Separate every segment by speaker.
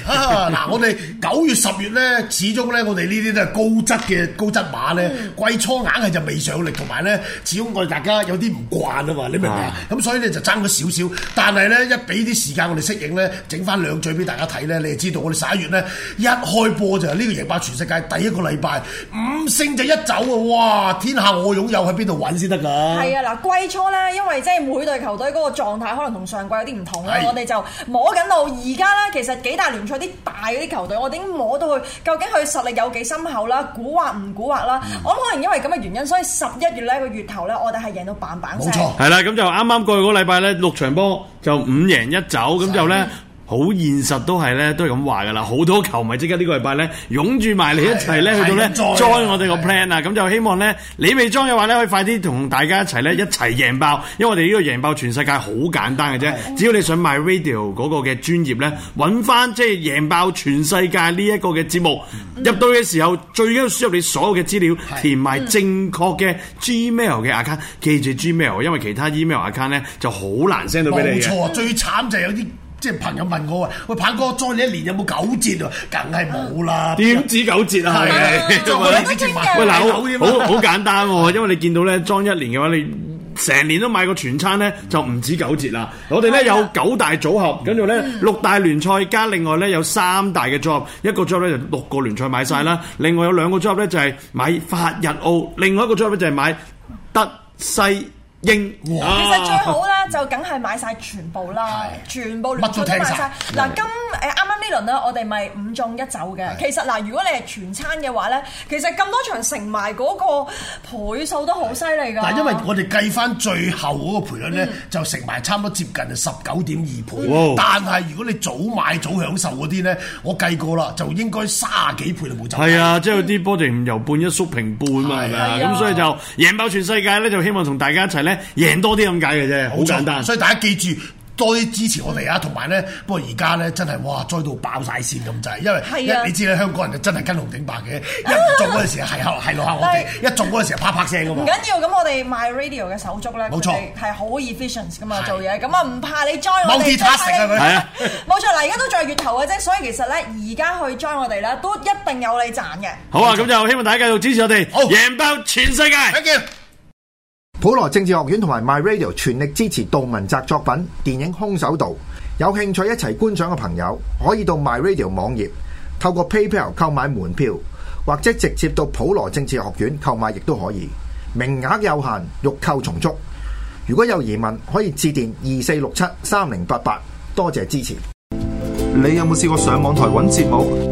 Speaker 1: 嗱、 啊，我哋九月十月咧，始終咧，我哋呢啲都係高質嘅高質馬咧。季初硬係就未上力，同埋咧，始終我哋、嗯、大家有啲唔慣啊嘛，你明唔明？咁、啊啊、所以咧就爭咗少少，但係咧一俾啲時間我哋適應咧，整翻兩嘴俾大家睇咧，你係知道我哋十一月咧一開波就係呢個贏霸全世界第一個禮拜五星就一走啊！哇，天下我擁有喺邊度揾先得㗎？係啊，嗱，
Speaker 2: 季初咧，因為即係每隊球隊嗰個狀態可能同上季有啲唔同咧，我哋就摸緊路。而家咧，其實幾大年。賽啲大嗰啲球隊，我點摸到佢究竟佢實力有幾深厚啦？蠱惑唔蠱惑啦？嗯、我諗可能因為咁嘅原因，所以十一月呢個月頭呢，我哋係贏到板板
Speaker 3: 晒。冇錯，係啦，咁就啱啱過去嗰個禮拜呢，六場波就五贏一走，咁、嗯、就呢。好現實都係咧，都係咁話噶啦。好多球迷即刻呢個禮拜咧，湧住埋你一齊咧，的去到咧 join 的我哋個 plan 啊！咁的就希望咧，的你未裝嘅話咧，可以快啲同大家一齊咧，一齊贏爆！因為我哋呢個贏爆全世界好簡單嘅啫，的只要你想賣 video 嗰個嘅專業咧，揾翻即係贏爆全世界呢一個嘅節目入到嘅時候，嗯、最緊要輸入你所有嘅資料，的填埋正確嘅 gmail 嘅 account，記住 gmail，因為其他 email account 咧就好難 send 到俾你嘅。冇錯，
Speaker 1: 最慘就係有啲。即係朋友問我話：喂，彭哥，裝一年有冇九折啊？梗係冇啦！點止九折啊？係
Speaker 3: 咪？喂，嗱但，好好簡單喎、啊，因為你見到咧裝一年嘅話，你成年都買個全餐咧，就唔止九折啦。我哋咧有九大組合，跟住咧六大聯賽加另外咧有三大嘅組合，一個組合呢就係、六個聯賽買晒啦。嗯、另外有兩個組合咧就係、係、買法日澳，另外一個組合咧就係買德西。英其實最好咧，就
Speaker 2: 梗係買晒全部啦，全部亂噉買曬。嗱，今誒，啱啱呢輪咧，我哋咪五中一走嘅。其實嗱，如果你係全餐嘅話咧，其實咁多場成埋嗰個倍數都好犀利㗎。嗱，因為我哋
Speaker 1: 計翻最後嗰個倍率咧，就成埋差唔多接近十九點二倍。但係如果你早買早享受嗰啲咧，我計過啦，就應該卅幾倍就冇走。係啊，
Speaker 3: 即係啲波唔由半一縮平半嘛，係咪啊？咁所以就贏爆全世界咧，就希望同大家一齊咧。贏多啲咁解嘅啫，好簡單。所以大家記住多啲支持我哋啊，同埋咧，
Speaker 1: 不過而家咧真係哇，栽到爆晒線咁滯，因為你知啦，香港人就真係跟紅頂白嘅。一做嗰陣時係係落下我哋，一做嗰陣時啪啪聲噶嘛。唔
Speaker 2: 緊要，咁我哋 My Radio 嘅手足咧，冇錯係好 efficient 嘅，嘛做嘢，咁啊唔怕你 join 我哋。冇錯嗱，而家都在月頭嘅啫，所以其實咧而家去 join 我哋咧都一定有你賺
Speaker 3: 嘅。好啊，咁就希望大家繼續支持我哋，贏爆全世界。普羅政
Speaker 4: 治學院同埋 MyRadio 全力支持杜文澤作品電影《空手道》，有興趣一齊觀賞嘅朋友可以到 MyRadio 網頁透過 PayPal 購買門票，或者直接到普羅政治學院購買，亦都可以。名額有限，欲購從速。如果有疑問，可以致電二四六七三零八八。多謝支持。你有冇試過上網台揾節目？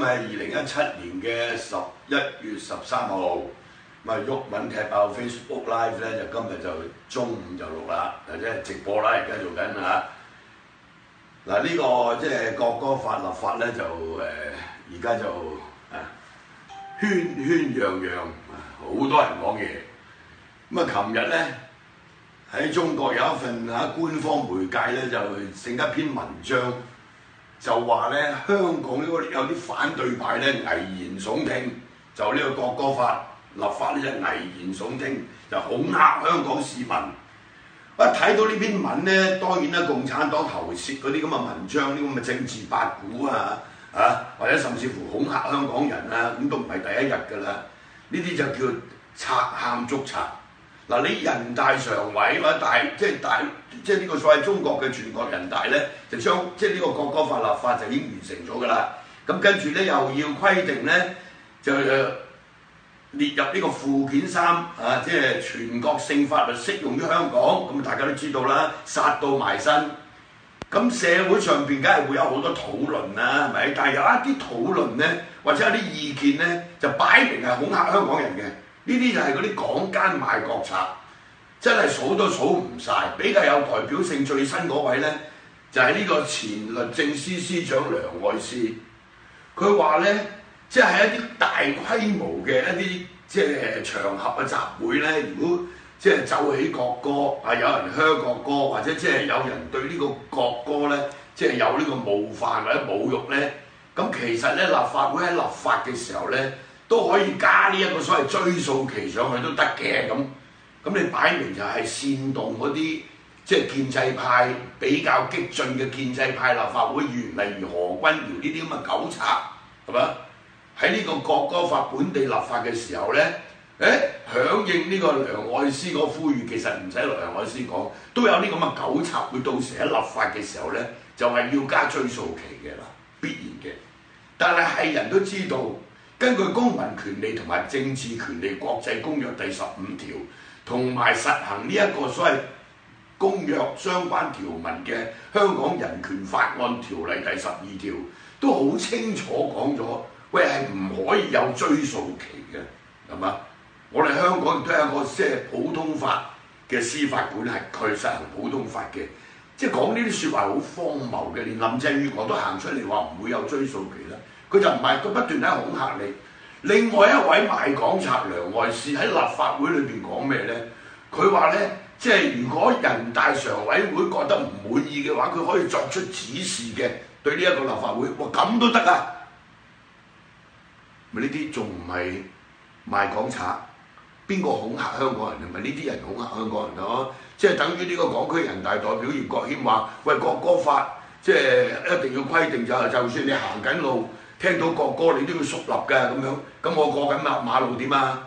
Speaker 5: 咁啊，二零一七年嘅十一月十三號，咁啊，毓民踢爆 Facebook Live 咧，就今日就中午就錄啦，嗱即係直播啦，而家做緊啊！嗱、這、呢個即係、就是、國歌法立法咧，就誒而家就啊圈圈揚揚，好多人講嘢。咁啊，琴日咧喺中國有一份啊官方媒介咧，就整一篇文章。就話咧，香港呢個有啲反對派咧，危言聳聽，就呢個國歌法立法呢，就危言聳聽，就恐嚇香港市民。一、啊、睇到呢篇文咧，當然啦，共產黨投蝕嗰啲咁嘅文章，呢啲咁嘅政治八股啊，啊，或者甚至乎恐嚇香港人啊，咁都唔係第一日噶啦。呢啲就叫賊喊捉賊。嗱，你人大常委嘛，大即係大，即係呢個所謂中國嘅全國人大咧，就將即係呢個國歌法立法就已經完成咗㗎啦。咁跟住咧又要規定咧，就列入呢個附件三啊，即係全國性法律適用於香港。咁大家都知道啦，殺到埋身。咁社會上邊梗係會有好多討論啦，係咪？但係有一啲討論咧，或者一啲意見咧，就擺明係恐嚇香港人嘅。呢啲就係嗰啲港奸賣國賊，真係數都數唔晒。比較有代表性最新嗰位咧，就係、是、呢個前律政司司，司長梁愛詩。佢話咧，即、就、係、是、一啲大規模嘅一啲即係場合嘅集會咧，如果即係、就是、奏起國歌啊，有人哼國歌，或者即係有人對呢個國歌咧，即、就、係、是、有呢個冒犯或者侮辱咧，咁其實咧，立法會喺立法嘅時候咧。都可以加呢一個所謂追訴期上去都得嘅。咁，咁你擺明就係煽動嗰啲即係建制派比較激進嘅建制派立法會議員，例如何君堯呢啲咁嘅狗賊，係咪？喺呢個國歌法本地立法嘅時候咧，誒，響應呢個梁愛詩個呼籲，其實唔使梁愛詩講，都有呢咁嘅狗賊，會到時喺立法嘅時候咧，就係、是、要加追訴期嘅啦，必然嘅。但係係人都知道。根據公民權利同埋政治權利國際公約第十五條，同埋實行呢一個所謂公約相關條文嘅《香港人權法案條例》第十二條，都好清楚講咗，喂，係唔可以有追溯期嘅，係嘛？我哋香港亦都有一個即係普通法嘅司法管轄，佢實行普通法嘅，即係講呢啲説話好荒謬嘅。連林鄭月娥都行出嚟話唔會有追溯期啦。佢就唔係，佢不斷喺恐嚇你。另外一位賣港賊梁愛詩喺立法會裏邊講咩咧？佢話咧，即係如果人大常委會覺得唔滿意嘅話，佢可以作出指示嘅。對呢一個立法會，哇咁都得啊！咪呢啲仲唔係賣港賊？邊個恐，恐嚇香港人啊？咪呢啲人恐嚇香港人咯？即係等於呢個港區人大代表葉國謙話，喂，國歌法即係、就是、一定要規定就，就算你行緊路。聽到國歌你都要肅立嘅咁樣，咁我過緊馬路點啊？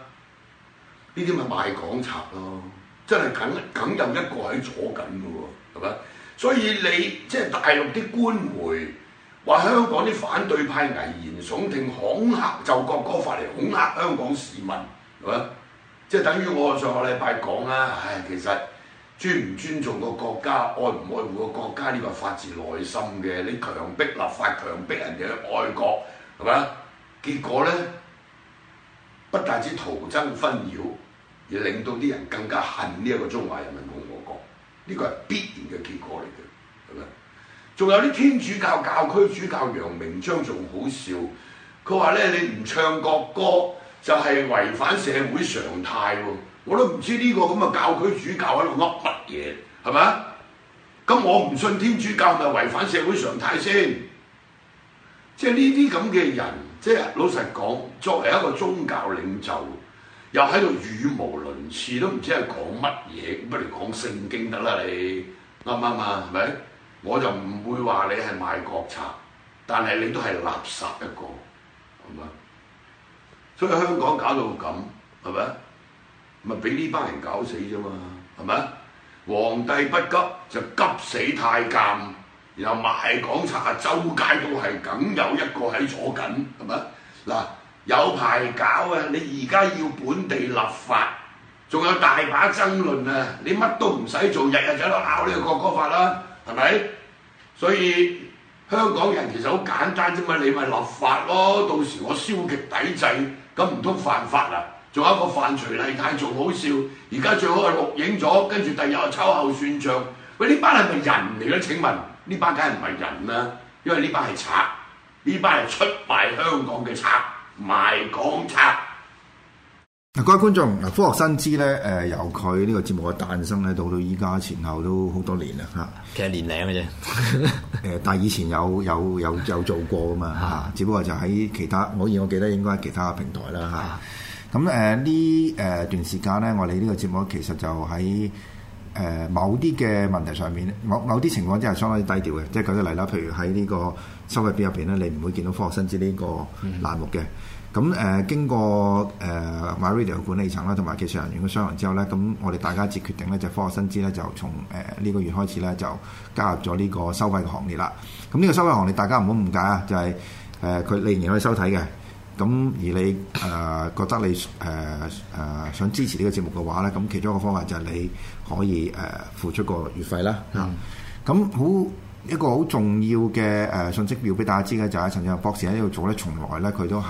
Speaker 5: 呢啲咪賣港賊咯，真係梗梗有一個喺左緊嘅喎，係咪？所以你即係大陸啲官媒話香港啲反對派危言聳聽，恐嚇就國歌法嚟恐嚇香港市民，係咪？即係等於我上個禮拜講啦。唉，其實。尊唔尊重個國家，愛唔愛護個國家呢個發自內心嘅。你強迫立法，強迫人哋去愛國，係咪啊？結果呢，不但止徒增紛擾，而令到啲人更加恨呢一個中華人民共和國。呢個係必然嘅結果嚟嘅，係咪？仲有啲天主教教區主教楊鳴章仲好笑，佢話呢：「你唔唱國歌就係違反社會常態喎。」我都唔知呢個咁嘅教區主教喺度噏乜嘢，係咪啊？咁我唔信天主教咪違反社會常態先？即係呢啲咁嘅人，即係老實講，作為一個宗教領袖，又喺度語無倫次，都唔知係講乜嘢。不如講聖經得啦，你啱唔啱啊？係咪？我就唔會話你係賣國賊，但係你都係垃圾一個，係咪？所以香港搞到咁，係咪？咪俾呢班人搞死啫嘛，係咪？皇帝不急就急死太監，又賣港茶周街都係梗，有一個喺坐緊，係咪？嗱，有排搞啊！你而家要本地立法，仲有大把爭論啊！你乜都唔使做，日日就喺度拗呢個國歌法啦，係咪？所以香港人其實好簡單啫嘛，你咪立法咯，到時我消極抵制，咁唔通犯法啊？仲有一個范徐麗泰仲好笑，而家最好係錄影咗，跟住第二日秋後算賬。喂，呢班係咪人嚟咧？請問呢班梗係唔係人啦？因為呢班係賊，呢班係出賣香港嘅賊，賣港賊。
Speaker 4: 嗱，各位觀眾，嗱，科學新知咧，誒，由佢呢個節目嘅誕生咧，到到依家前後都好多年啦，嚇。
Speaker 2: 其實年齡嘅啫。
Speaker 4: 誒、 呃，但係以前有有有有做過噶嘛嚇，只不過就喺其他，我而我記得應該係其他嘅平台啦嚇。 咁誒呢誒段時間咧，我哋呢個節目其實就喺誒、呃、某啲嘅問題上面，某某啲情況真係相當之低調嘅。即係舉個例啦，譬如喺呢個收費表入邊咧，你唔會見到科學新知呢個欄目嘅。咁誒、嗯呃、經過誒 MyRadio、呃、管理層啦，同埋技術人員嘅商量之後咧，咁我哋大家一致決定咧，就科學新知咧就從誒呢、呃這個月開始咧就加入咗呢個收費行列啦。咁呢個收費行列大家唔好誤解啊，就係誒佢仍然可以收睇嘅。咁而你誒、呃、覺得你誒誒、呃呃、想支持呢個節目嘅話咧，咁其中一個方法就係你可以誒、呃、付出個月費啦。咁好、嗯嗯。一個好重要嘅誒、呃、信息表俾大家知嘅就係、是、陳振華博士喺呢度做咧，從來咧佢都係誒、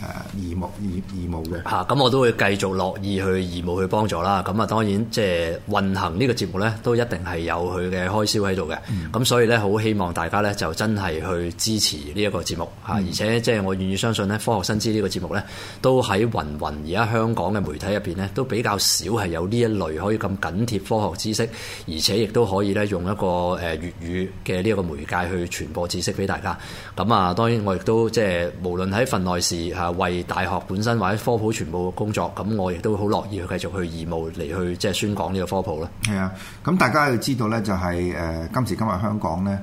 Speaker 4: 呃、義務義義務嘅
Speaker 2: 嚇。咁、啊、我都會繼續樂意去義務去幫助啦。咁啊當然即係運行呢個節目咧，都一定係有佢嘅開銷喺度嘅。咁、嗯啊、所以咧，好希望大家咧就真係去支持呢一個節目嚇、啊。而且、嗯、即係我願意相信咧，科學新知呢個節目咧，都喺芸芸而家香港嘅媒體入邊咧，都比較少係有呢一類可以咁緊貼科學知識，而且亦都可以咧用一個誒粵語嘅。呢個媒介去傳播知識俾大家咁啊，當然我亦都即係無論喺份內事啊，為大學本身或者科普傳播工作，咁我亦都好樂意去繼續去義務嚟去即係宣講呢個科普咧。
Speaker 4: 係啊，咁大家要知道呢，就係、是、誒今時今日香港呢，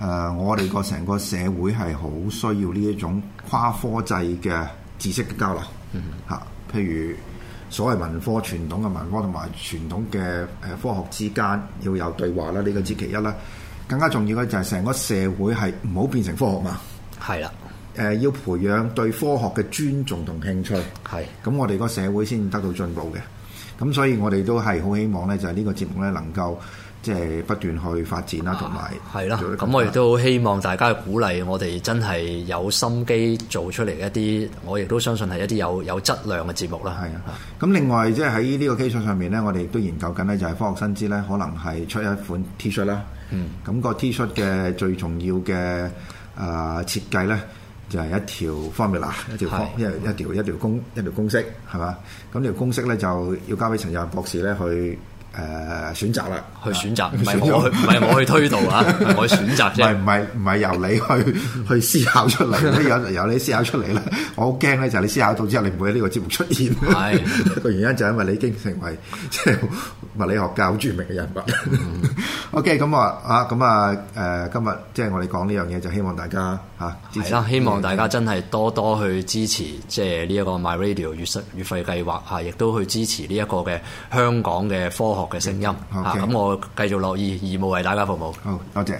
Speaker 4: 誒我哋個成個社會係好需要呢一種跨科際嘅知識嘅交流嚇，譬如所謂文科傳統嘅文科同埋傳統嘅誒科學之間要有對話啦，呢、這個只其一啦。更加重要嘅就係成個社會係唔好變成科學嘛，係啦的。誒、呃，要培養對科學嘅尊重同興趣，係咁的，我哋個社會先得到進步嘅。咁所以，我哋都係好希望咧，就係、是、呢個節目咧能夠即係不斷
Speaker 2: 去發展啦，同埋係啦。咁我亦都希望大家嘅鼓勵，我哋真係有心機做出嚟一啲，我亦都相信係一啲有有質量嘅節目啦。係啊的。
Speaker 4: 咁的另外，即係喺呢個基礎上面咧，我哋亦都研究緊咧，就係科學新知咧，可能係出一款 T 恤啦。嗯，咁個 t 恤嘅最重要嘅誒設計咧，就係一條 formula，一條方，一一條一條公一條公式係嘛？咁條公式咧就要交俾陳友博士咧去誒選擇啦，去選擇，唔係我，唔係我去推導啊，我選擇啫。唔係唔係唔係由你去去思考出嚟咧，由你思考出嚟咧。我好驚咧，就係你思考到之後，你唔會喺呢個節目出現。係個原因就係因為你已經成為即係物理學界好著名嘅人物。OK，咁啊，啊，咁啊，誒，今日即係我哋講呢樣嘢，就希望大家
Speaker 2: 嚇，係、啊、啦，希望大家真係多多去支持，即係呢一個 My Radio 月月費計劃嚇，亦、啊、都去支持呢一個嘅香港嘅科學嘅聲音嚇。咁 Okay、啊、我繼續樂意義務為大家服務。好，
Speaker 3: 多謝。